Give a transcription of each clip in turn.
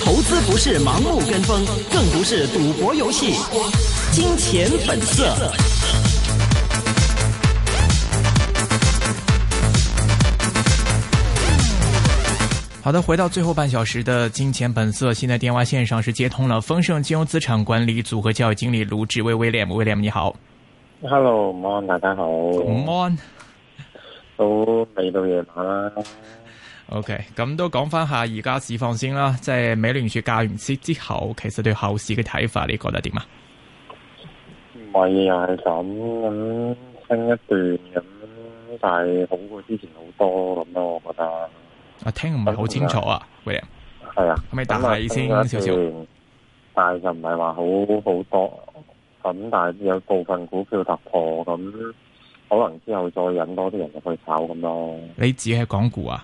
投資不是盲目跟風，更不是賭博遊戲。金錢本色。好的，回到最後半小時的《金錢本色》，現在電話線上是接通了。豐盛金融資產管理組合教育經理盧志威，William，William 你好。Hello，午安，大家好。午 安。都未到夜晚啦。OK，咁都講翻下而家市況先啦。即係美聯儲降完息之後，其實對後市嘅睇法，你覺得點啊？唔係啊，係咁咁升一段咁，但係好過之前好多咁咯。我覺得我、啊、聽唔係好清楚啊。喂，係啊，可咪打下先？少少？但係就唔係話好好多咁，但係有部分股票突破咁。可能之後再引多啲人入去炒咁咯。你指係港股啊？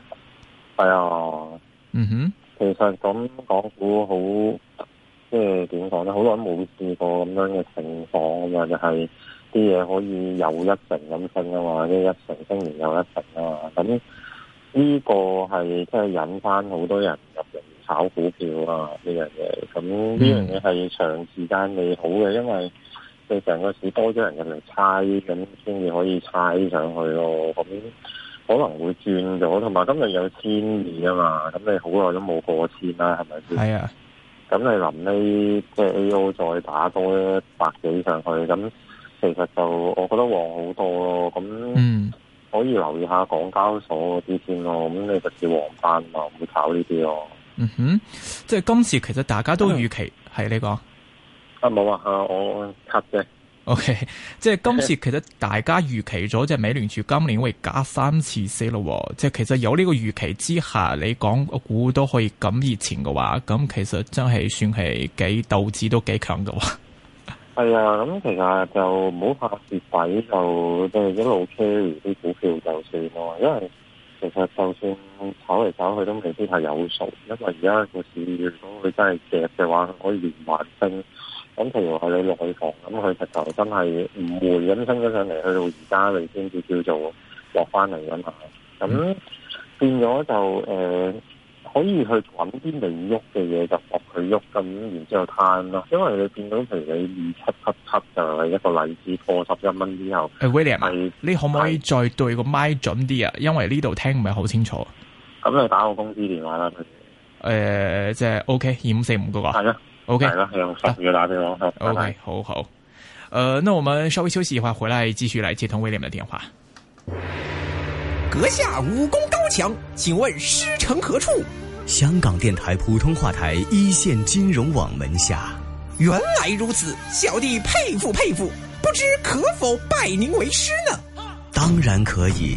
係啊、哎呦。嗯哼。其實咁港股好，即係點講咧？好耐冇試過咁樣嘅情況啊！就係啲嘢可以有一成咁升嘅話，一成升完又一成嘛、啊。咁、嗯、呢個係即係引翻好多人入嚟炒股票啊呢樣嘢。咁呢樣嘢係長時間未好嘅，因為。你成個市多咗人入嚟猜咁先至可以猜上去咯，咁可能會轉咗。同埋今日有千二啊嘛，咁你好耐都冇過千啦，係咪先？係啊。咁你臨尾，即係 A O 再打多一百幾上去，咁其實就我覺得旺好多咯。咁可以留意下港交所啲先咯。咁你嗰次黃翻啊，唔會炒呢啲咯。嗯哼，即係今次其實大家都預期係呢個。啊冇啊，我 cut。OK，即係今次其實大家預期咗，即係美聯儲今年會加三次息咯。即係其實有呢個預期之下，你講個股都可以咁熱情嘅話，咁其實真係算係幾鬥志都幾強嘅。係 啊，咁、嗯、其實就唔好怕跌底，就即係一路 carry 啲股票就算咯。因為其實就算炒嚟炒去都未必係有數，因為而家個市如果佢真係跌嘅話，可以連環升。咁譬如係你內房，咁佢實就真在真係唔回咁升咗上嚟，去到而家你先至叫做落翻嚟咁下，咁變咗就誒、呃、可以去揾啲未喐嘅嘢，就搏佢喐，咁然之後攤啦。因為你變到，譬如你二七七七就係一個例子破十一蚊之後，誒 William 啊是，你可唔可以再對個麥準啲啊？因為呢度聽唔係好清楚。咁你打個公司電話啦，佢誒、呃、即係 OK 二五四五嗰個。OK，係啦，OK，好好，呃，那我們稍微休息一會兒，回來繼續來接通威廉的電話。閣下武功高強，請問師承何處？香港電台普通話台一線金融網門下。原來如此，小弟佩服佩服，不知可否拜您為師呢？當然可以。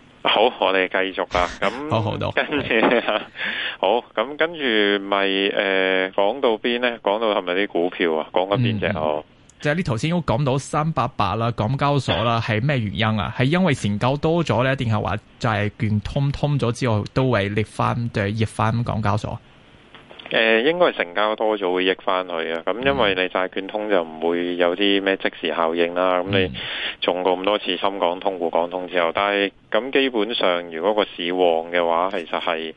好，我哋繼續啊。咁，跟住好。咁跟住咪誒，講到邊咧？講到係咪啲股票啊？講緊邊隻？哦、嗯，好即係呢頭先都講到三八八啦，港交所啦，係咩是原因啊？係因為成交多咗咧，定係話就係券通通咗之後，都會逆翻對熱翻港交所。誒，應該係成交多咗會益翻佢啊！咁因為你債券通就唔會有啲咩即時效應啦。咁、mm hmm. 你做過咁多次深港通、滬港通之後，但係咁基本上，如果個市旺嘅話，其實係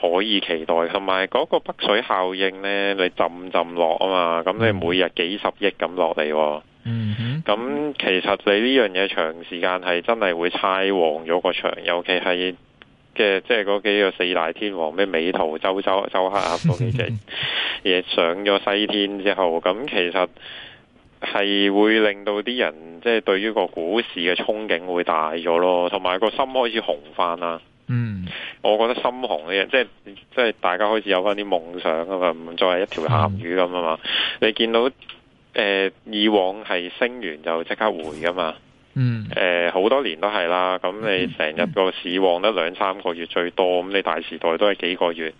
可以期待。同埋嗰個北水效應呢，你浸浸落啊嘛。咁你每日幾十億咁落嚟，嗯、mm，咁、hmm. 其實你呢樣嘢長時間係真係會炒旺咗個場，尤其係。嘅，即係嗰幾個四大天王咩，美圖、周周周黑鴨嗰啲嘢， 上咗西天之後，咁其實係會令到啲人即係對於個股市嘅憧憬會大咗咯，同埋個心開始紅翻啦。嗯，我覺得心紅嘅嘢，即係即係大家開始有翻啲夢想啊嘛，唔再係一條鹹魚咁啊嘛。嗯、你見到誒、呃，以往係升完就即刻回噶嘛。嗯，誒、呃，好多年都係啦，咁你成日個市旺得兩三個月最多，咁你大時代都係幾個月，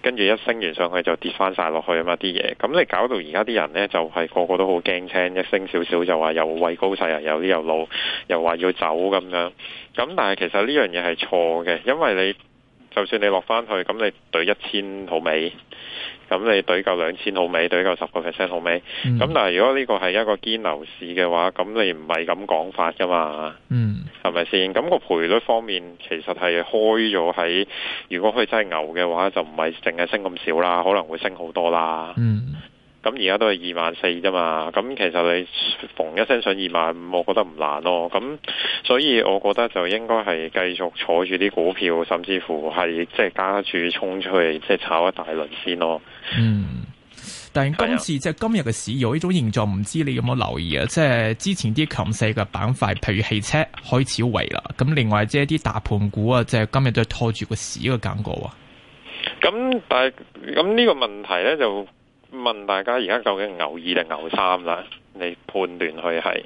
跟住一升完上去就跌翻晒落去啊嘛啲嘢，咁你搞到而家啲人咧就係、是、個個都好驚青，一升少少就話又畏高勢啊，又啲又老，又話要走咁樣，咁但係其實呢樣嘢係錯嘅，因為你。就算你落翻去，咁你兌一千好未，咁你兌夠兩千好未，兌夠十個 percent 好未，咁、嗯、但係如果呢個係一個堅牛市嘅話，咁你唔係咁講法噶嘛？嗯，係咪先？咁個賠率方面，其實係開咗喺，如果佢真係牛嘅話，就唔係淨係升咁少啦，可能會升好多啦。嗯。咁而家都係二萬四啫嘛，咁其實你逢一聲上二萬五，我覺得唔難咯。咁所以我覺得就應該係繼續坐住啲股票，甚至乎係即係加住衝出去，即係炒一大輪先咯。嗯，但係、啊、今次即係今日嘅市有呢種現狀，唔知你有冇留意啊？即係之前啲強勢嘅板塊，譬如汽車開始圍啦。咁另外即係啲大盤股啊，即係今日都係拖住個市嘅感覺啊。咁但係咁呢個問題呢，就？問大家而家究竟牛二定牛三啦？你判斷佢係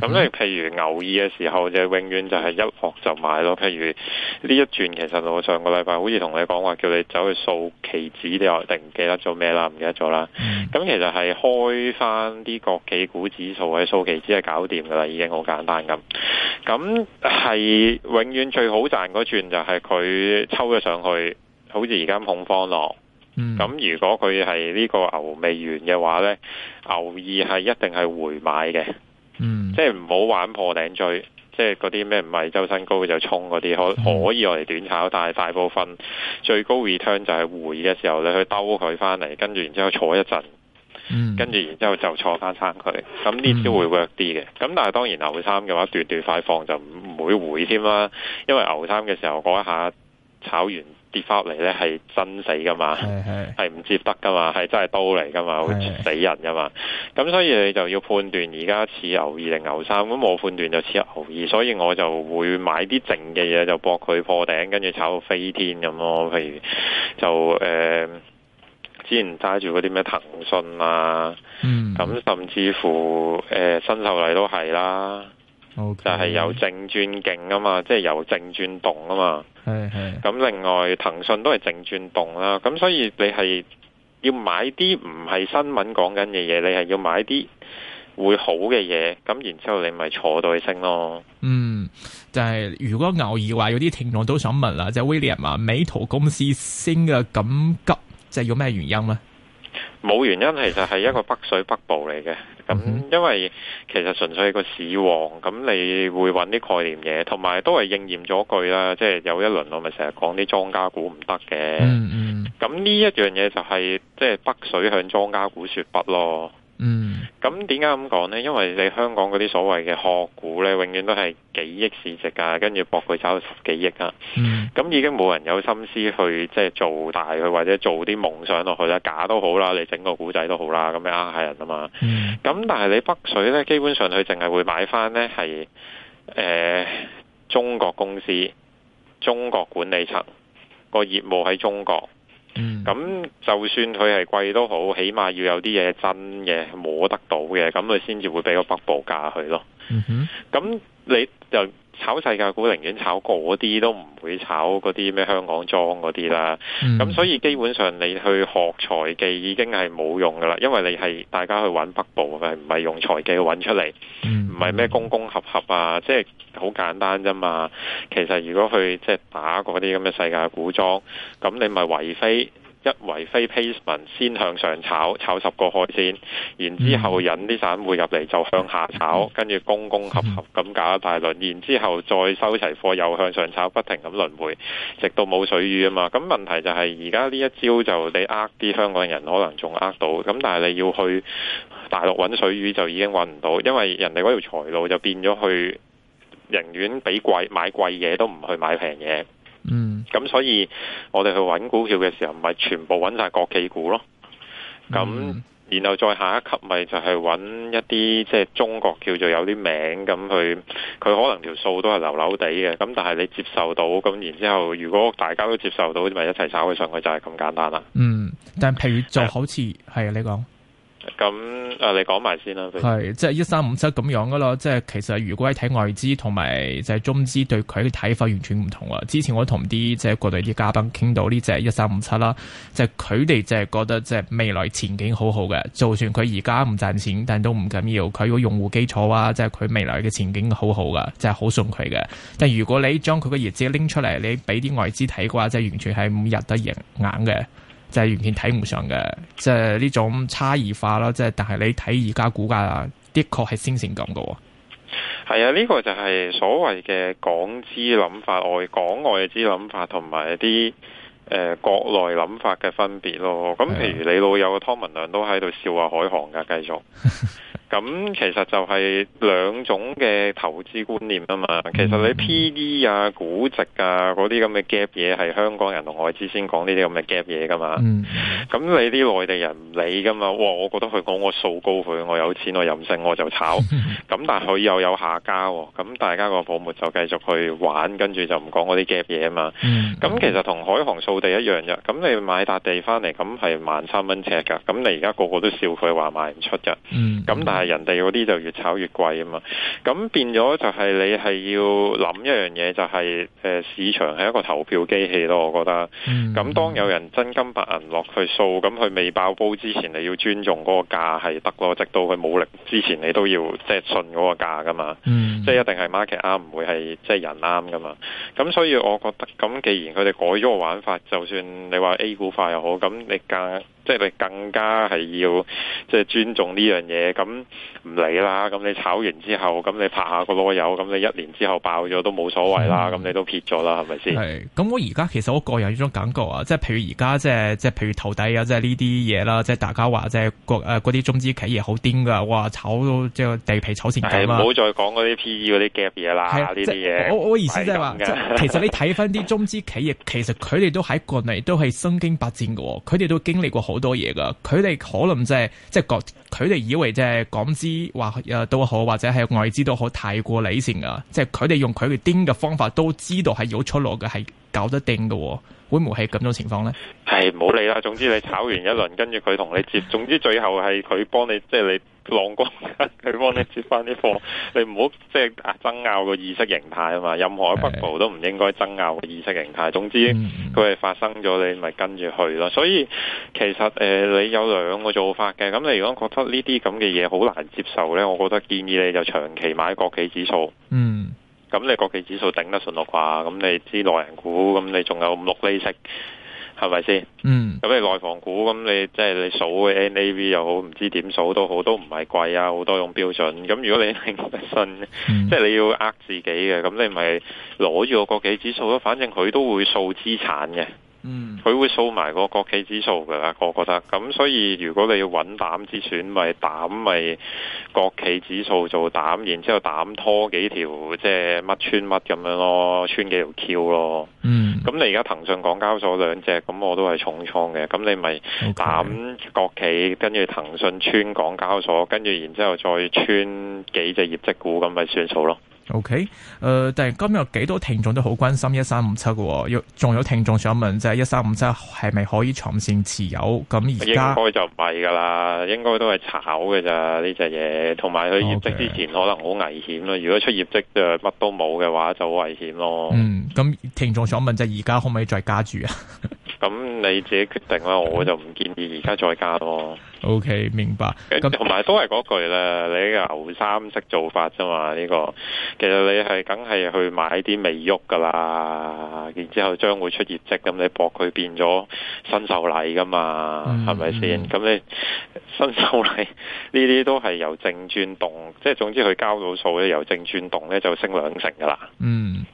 咁咧？你譬如牛二嘅時候就永遠就係一學就買咯。譬如呢一轉，其實我上個禮拜好似同你講話叫你走去掃期指啲，你我定唔記得做咩啦？唔記得咗啦。咁其實係開翻啲國企股指數嘅掃期指係搞掂㗎啦，已經好簡單咁。咁係永遠最好賺嗰轉就係佢抽咗上去，好似而家恐慌落。咁、嗯、如果佢係呢個牛未完嘅話呢，牛二係一定係回買嘅，嗯，即係唔好玩破頂追即係嗰啲咩唔係周身高就衝嗰啲可可以我哋短炒，但係大部分最高 return 就係回嘅時候你去兜佢返嚟，跟住然之後坐一陣，跟住、嗯、然之後就坐翻生佢，咁呢啲會 work 啲嘅，咁但係當然牛三嘅話段段快放就唔會回添啦，因為牛三嘅時候嗰一下。炒完跌翻嚟咧，係真死噶嘛，係唔接得噶嘛，係真係刀嚟噶嘛，會死人噶嘛。咁所以你就要判斷，而家似牛二定牛三？咁我判斷就似牛二，所以我就會買啲淨嘅嘢，就搏佢破頂，跟住炒到飛天咁咯。譬如就誒、呃，之前揸住嗰啲咩騰訊啊，咁甚至乎誒、呃、新秀麗都係啦。Okay. 就係由靜轉勁啊嘛，即、就、係、是、由靜轉動啊嘛。係係咁，另外騰訊都係靜轉動啦。咁所以你係要買啲唔係新聞講緊嘅嘢，你係要買啲會好嘅嘢。咁然之後你咪坐到去升咯。嗯，就係、是、如果偶爾話有啲聽眾都想問啦，就係、是、William 啊，美圖公司升嘅咁急，就係要咩原因咧？冇原因，其實係一個北水北部嚟嘅，咁因為其實純粹係個市旺，咁你會揾啲概念嘢，同埋都係應驗咗句啦，即係有一輪我咪成日講啲莊家股唔得嘅，嗯，嗯，咁呢一樣嘢就係、是、即係北水向莊家股説不咯。嗯，咁點解咁講呢？因為你香港嗰啲所謂嘅殼股呢，永遠都係幾億市值啊，跟住博佢炒到十幾億啊。嗯，咁已經冇人有心思去即係做大佢，或者做啲夢想落去啦，假都好啦，你整個古仔都好啦，咁樣呃下人啊嘛。咁、嗯、但係你北水呢，基本上佢淨係會買翻呢係誒、呃、中國公司、中國管理層個業務喺中國。咁就算佢係貴都好，起碼要有啲嘢真嘅摸得到嘅，咁佢先至會俾個北部價佢咯。咁、mm hmm. 你就炒世界股，寧願炒嗰啲都唔會炒嗰啲咩香港莊嗰啲啦。咁、mm hmm. 所以基本上你去學財技已經係冇用噶啦，因為你係大家去揾北部，係唔係用財技揾出嚟？唔係咩公公合合啊，即係好簡單啫嘛。其實如果去即係打嗰啲咁嘅世界股莊，咁你咪為非。一為非 placement 先向上炒，炒十個開先，然之後引啲散戶入嚟就向下炒，跟住公公合合咁搞一大輪，然之後再收齊貨又向上炒，不停咁輪迴，直到冇水魚啊嘛。咁問題就係而家呢一招就你呃啲香港人可能仲呃到，咁但係你要去大陸揾水魚就已經揾唔到，因為人哋嗰條財路就變咗去寧願俾貴買貴嘢都唔去買平嘢。嗯，咁所以我哋去揾股票嘅時候，咪全部揾晒國企股咯。咁、嗯、然後再下一級一，咪就係揾一啲即係中國叫做有啲名咁去，佢可能條數都係流流地嘅。咁但係你接受到，咁然之後如果大家都接受到，咪一齊炒佢上去就係咁簡單啦。嗯，但係譬如就好似係啊你講。咁誒、啊，你講埋先啦。係，即係一三五七咁樣嘅咯。即係其實，如果係睇外資同埋就係中資對佢嘅睇法完全唔同啊。之前我同啲即係過度啲嘉賓傾到呢，即係一三五七啦。即係佢哋就係覺得即係未來前景好好嘅，就算佢而家唔賺錢，但都唔緊要。佢個用戶基礎啊，即係佢未來嘅前景好好嘅，即係好信佢嘅。但如果你將佢嘅業績拎出嚟，你俾啲外資睇嘅話，即係完全係唔入得眼嘅。硬就係完全睇唔上嘅，即係呢種差異化啦。即係，但係你睇而家股價，的確係先成咁嘅哦。係啊，呢個就係所謂嘅港資諗法，外港外資諗法，同埋啲誒國內諗法嘅分別咯。咁譬如你老友嘅湯文亮都喺度笑啊，海航嘅繼續。 咁、嗯、其實就係兩種嘅投資觀念啊嘛，其實你 P/E 啊、估值啊嗰啲咁嘅 gap 嘢係香港人同外資先講呢啲咁嘅 gap 嘢噶嘛，咁、嗯、你啲內地人唔理噶嘛，哇！我覺得佢講我數高佢，我有錢我任性，我就炒。咁 但係佢又有下家，咁大家個泡沫就繼續去玩，跟住就唔講嗰啲 gap 嘢啊嘛。咁、嗯、其實同海航掃地一樣嘅，咁你買笪地翻嚟，咁係萬三蚊尺㗎，咁你而家個個都笑佢話賣唔出㗎，咁但係。嗯人哋嗰啲就越炒越貴啊嘛，咁變咗就係你係要諗一樣嘢，就係、是、誒、呃、市場係一個投票機器咯，我覺得。咁、嗯、當有人真金白銀落去掃，咁佢未爆煲之前，你要尊重嗰個價係得咯，直到佢冇力之前，你都要即係信嗰個價噶嘛。嗯即係一定係 market 啱，唔會係即係人啱㗎嘛。咁所以我覺得，咁既然佢哋改咗個玩法，就算你話 A 股化又好，咁你更即係你更加係要即係尊重呢樣嘢。咁唔理啦。咁你炒完之後，咁你拍下個囉柚，咁你一年之後爆咗都冇所謂啦。咁的你都撇咗啦，係咪先？咁我而家其實我個人呢種感覺啊，即係譬如而家即係即係譬如投底啊，即係呢啲嘢啦，即係大家話即係嗰啲中資企業好癲㗎，哇！炒到即係地皮炒錢咁唔好再講嗰啲呢啲嘅嘢啦，呢啲嘢，我我意思即係話，其實你睇翻啲中資企業，其實佢哋都喺國內都係身經百戰嘅，佢哋都經歷過好多嘢噶，佢哋可能即係即係國，佢哋以為即係港資或又都好，或者係外資都好，太過理性噶，即係佢哋用佢哋癲嘅方法，都知道係有出路嘅，係搞得定嘅，會唔會係咁種情況咧？係冇理啦，總之你炒完一輪， 跟住佢同你接，總之最後係佢幫你，即係你。浪光，佢幫你接翻啲貨，你唔好即係爭拗個意識形態啊嘛，任何北部都唔應該爭拗個意識形態。總之佢係發生咗，你咪跟住去咯。所以其實誒、呃，你有兩個做法嘅。咁你如果覺得呢啲咁嘅嘢好難接受呢，我覺得建議你就長期買國企指數。嗯，咁你國企指數頂得順咯啩？咁你知內銀股，咁你仲有五六厘息。係咪先？嗯，咁你內房股咁，你即係你數嘅 NAV 又好，唔知點數都好，都唔係貴啊，好多種標準。咁如果你覺得信，即 係樂、就是、你要呃自己嘅，咁你咪攞住個國企指數咯，反正佢都會數資產嘅。嗯，佢會掃埋個國企指數噶啦，我覺得。咁所以如果你要揾膽之選，咪膽咪國企指數做膽，然之後膽拖幾條即係乜穿乜咁樣咯，穿幾條 Q 咯。嗯。咁你而家騰訊港交所兩隻，咁我都係重倉嘅。咁你咪膽國企，跟住騰訊穿港交所，跟住然之後再穿幾隻業績股咁咪算數咯。OK，誒、呃，但係今日幾多聽眾都好關心一三五七嘅，有仲有聽眾想問，即係一三五七係咪可以長線持有？咁而家應該就弊係噶啦，應該都係炒嘅咋呢隻嘢，同埋佢業績之前可能好危險咯。如果出業績就乜都冇嘅話，就好危險咯。嗯，咁聽眾想問，即係而家可唔可以再加注？啊？ 咁你自己決定啦，我就唔建議而家再加囉。OK，明白。同埋都係嗰句啦，你呢個牛三式做法啫嘛，呢、呢個其實你係梗係去買啲未喐噶啦，然之後將會出業績，咁你博佢變咗新受禮噶嘛，係咪先？咁你新受禮呢啲都係由正轉動，即係總之佢交到數咧，由正轉動咧就升兩成噶啦。嗯。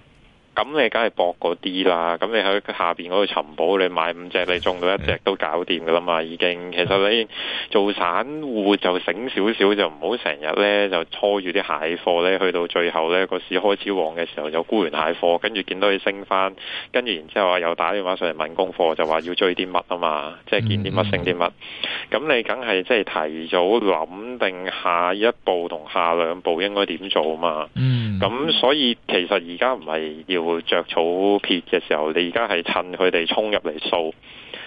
咁你梗係博嗰啲啦，咁你喺下邊嗰度尋寶，你買五隻，你中到一隻都搞掂噶啦嘛，已經。其實你做散戶就醒少少，就唔好成日咧就拖住啲蟹貨咧，去到最後咧個市開始旺嘅時候就沽完蟹貨，跟住見到佢升翻，跟住然之後又打電話上嚟問功課，就話要追啲乜啊嘛，即係見啲乜升啲乜，咁、嗯嗯、你梗係即係提早諗定下一步同下兩步應該點做啊嘛。嗯。.咁、嗯嗯、所以其實而家唔係要着草撇嘅時候，你而家係趁佢哋衝入嚟掃，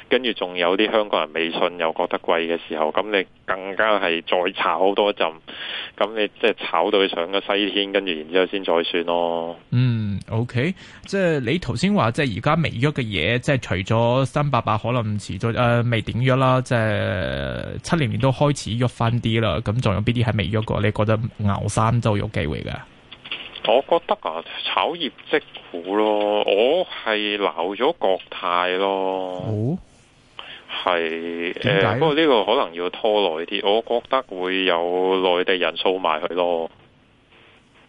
跟住仲有啲香港人未信又覺得貴嘅時候，咁你更加係再炒多一浸，咁你即係炒到佢上個西天，跟住然之後先再算咯。嗯，OK，即係你頭先話即係而家未喐嘅嘢，即係除咗三百八,八可能唔持續誒、呃、未點喐啦，即係七連年，年都開始喐翻啲啦。咁仲有邊啲係未喐過？你覺得牛三都有機會噶？我覺得啊，炒業績股咯，我係鬧咗國泰咯，係誒、哦，不過呢個可能要拖耐啲，我覺得會有內地人掃埋佢咯。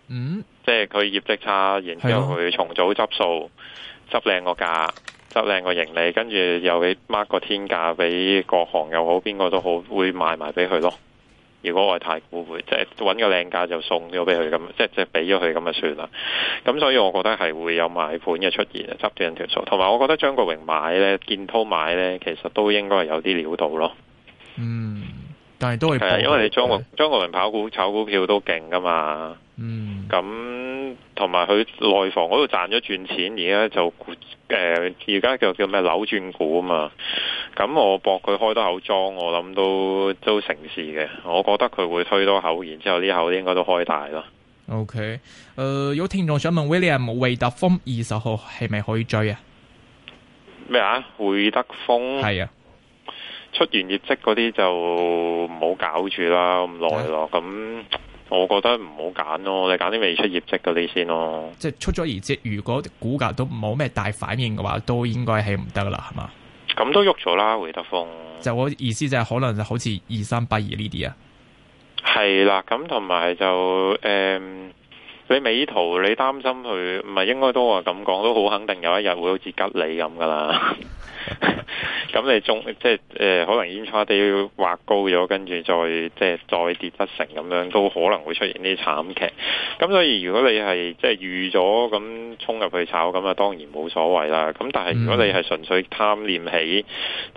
嗯，即係佢業績差，然之後佢重組執數，執靚、啊、個價，執靚個盈利，跟住又俾 mark 個天價俾各行又好，邊個都好會賣埋俾佢咯。如果我係太古匯，即係揾個靚價就送咗俾佢咁，即係即係俾咗佢咁就算啦。咁所以我覺得係會有買盤嘅出現啊，執人條數。同埋我覺得張國榮買咧，建滔買咧，其實都應該係有啲料到咯。嗯，但係都係，因為你張國張、啊、國榮跑股炒股票都勁㗎嘛。嗯，咁、嗯。同埋佢內房嗰度賺咗轉錢，而家就誒，而、呃、家叫叫咩扭轉股啊嘛。咁我搏佢開多口莊，我諗都都成事嘅。我覺得佢會推多口，然之後呢口應該都開大啦。OK，誒、呃、有聽眾想問 William，冇會德豐二十號係咪可以追啊？咩啊？會德豐係啊，出完業績嗰啲就唔好搞住啦，咁耐咯咁。我覺得唔好揀咯，你揀啲未出業績嗰啲先咯。即係出咗業績，如果股價都冇咩大反應嘅話，都應該係唔得啦，係嘛？咁都喐咗啦，會德豐。就我意思就係，可能就好似二三八二呢啲啊。係啦，咁同埋就誒、嗯，你美圖你擔心佢，唔係應該都話咁講，都好肯定有一日會好似吉利咁噶啦。 咁 你中即係誒，可能陰差啲畫高咗，跟住再即係再跌不成咁樣，都可能會出現啲慘劇。咁所以如果你係即係預咗咁衝入去炒，咁啊當然冇所謂啦。咁但係如果你係純粹貪念起，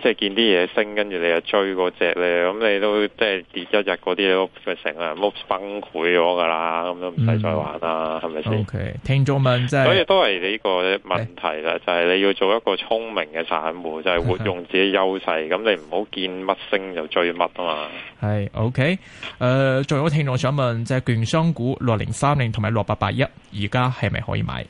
即係見啲嘢升，跟住你就追嗰隻咧，咁你都即係跌一日嗰啲都成個人，崩潰咗噶啦，咁都唔使再玩啦，係咪先？OK 聽眾問即係，所以都係呢個問題啦，就係你要做一個聰明嘅散戶。就係活用自己優勢，咁是你唔好見乜升就追乜啊嘛。係，OK，誒，仲、呃、有聽眾想問，即、就、係、是、券商股六零三零同埋六八八一，而家係咪可以買？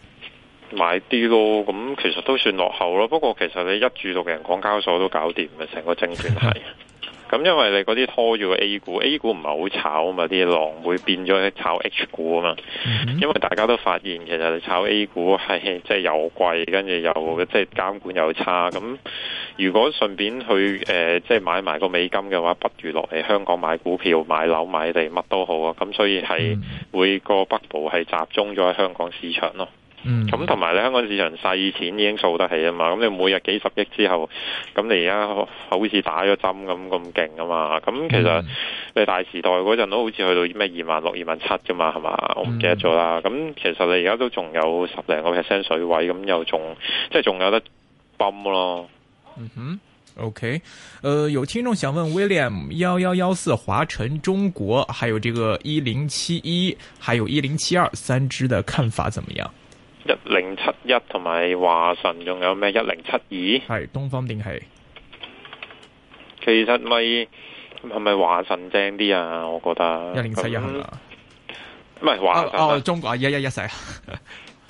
買啲咯，咁其實都算落後咯。不過其實你一住到嘅人港交所都搞掂嘅，成個證券系。 咁因為你嗰啲拖住個 A 股，A 股唔係好炒啊嘛，啲狼會變咗炒 H 股啊嘛。因為大家都發現其實你炒 A 股係即係又貴，跟住又即係監管又差。咁如果順便去誒即係買埋個美金嘅話，不如落嚟香港買股票、買樓、買地乜都好啊。咁所以係會個北部係集中咗喺香港市場咯。嗯，咁同埋咧，香港市場細錢已經掃得起啊嘛。咁你每日幾十億之後，咁你而家好似打咗針咁咁勁啊嘛。咁其實你大時代嗰陣都好似去到咩二萬六、二萬七噶嘛，係嘛？我唔記得咗啦。咁、嗯、其實你而家都仲有十零個 percent 水位，咁又仲即係仲有得泵咯。嗯哼，OK，誒、呃，有聽眾想問 William，幺幺幺四華晨中國，還有這個一零七一，還有一零七二三支的看法怎麼樣？一零七一同埋華晨，仲有咩一零七二？係東方電器。其實咪係咪華晨正啲啊？我覺得一零七一唔係華晨、啊、哦，哦、中國、啊、一一一成。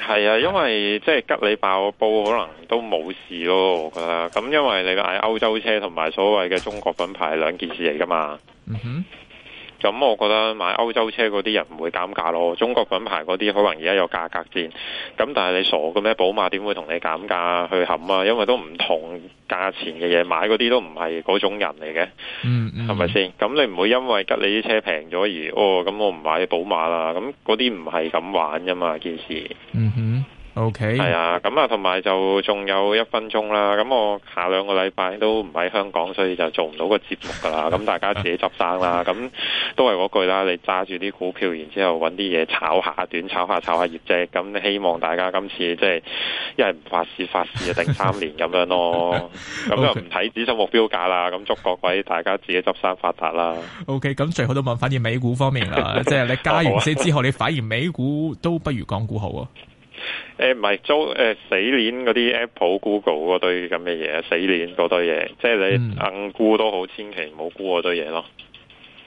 係 啊，因為即係吉利爆個煲，可能都冇事咯。我覺得咁，因為你買歐洲車同埋所謂嘅中國品牌係兩件事嚟噶嘛。嗯哼。咁我覺得買歐洲車嗰啲人唔會減價咯，中國品牌嗰啲可能而家有價格戰。咁但係你傻嘅咩？寶馬點會同你減價、啊、去冚啊？因為都唔同價錢嘅嘢，買嗰啲都唔係嗰種人嚟嘅，係咪先？咁、嗯嗯、你唔會因為吉利啲車平咗而哦咁我唔買寶馬啦。咁嗰啲唔係咁玩㗎嘛件事。嗯哼。嗯 O K，係啊，咁啊，同埋就仲有一分鐘啦。咁我下兩個禮拜都唔喺香港，所以就做唔到個節目噶啦。咁大家自己執生啦。咁 都係嗰句啦，你揸住啲股票，然之後揾啲嘢，炒下，短炒下，炒下業績。咁希望大家今次即係一係唔發市，發市就定三年咁樣咯。咁 就唔睇指數目標價啦。咁祝各位大家自己執生發達啦。O K，咁最後都問，反而美股方面啦，即係 你加完息之後， 好啊、你反而美股都不如港股好啊？誒，唔係做誒死鏈嗰啲 Apple、Google 嗰堆咁嘅嘢，死鏈嗰堆嘢，即係你硬沽都好，千祈唔好沽嗰堆嘢咯。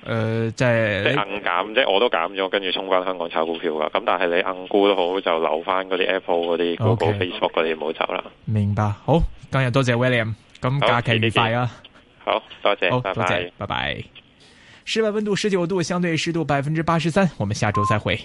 誒、呃，即係你硬減，即係我都減咗，跟住沖翻香港炒股票噶。咁但係你硬沽都好，就留翻嗰啲 Apple 嗰啲 Google Facebook 嗰啲你，唔好走啦。明白，好，今日多謝 William，咁假期愉快啊！好多謝，好拜拜，多謝，拜拜。室外溫度十九度，相對濕度百分之八十三，我們下周再會。